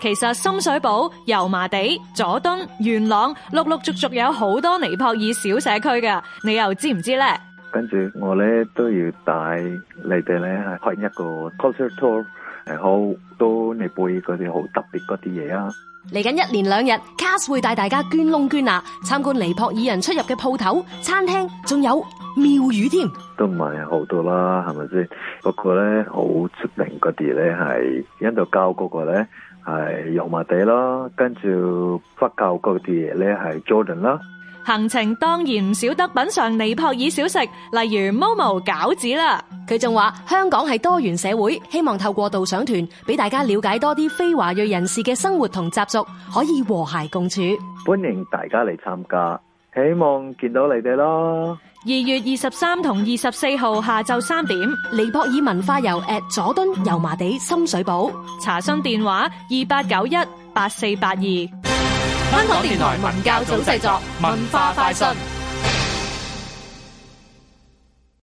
其實深水埗、油麻地、佐敦、元朗，陸陸續續續有好多尼泊爾小社區嘅，你又知唔知咧？跟住我咧都要帶你哋咧係開一個 culture tour。係好都嚟背嗰啲好特別嗰啲嘢啊。嚟緊一連兩日，cast 會帶大家捐窿捐罅，參觀尼泊爾人出入嘅鋪頭、餐廳，仲有廟宇添。都唔係好多啦，係咪先？不過咧，好出名嗰啲咧係印度教嗰個咧係油麻地啦，跟住佛教嗰啲嘢咧係 Jordan 啦。行程當然唔少得品嚐尼泊爾小食，例如 Momo 餃子啦。佢仲話香港係多元社會，希望透過導賞團俾大家了解多啲非華裔人士嘅生活同習俗，可以和諧共處。歡迎大家嚟參加，希望見到你哋咯。二月二十三同二十四號下晝三點，尼泊爾文化遊 at 佐敦油麻地深水埗，查詢電話二八九一八四八二。香港電台文教組製作《文化快訊》。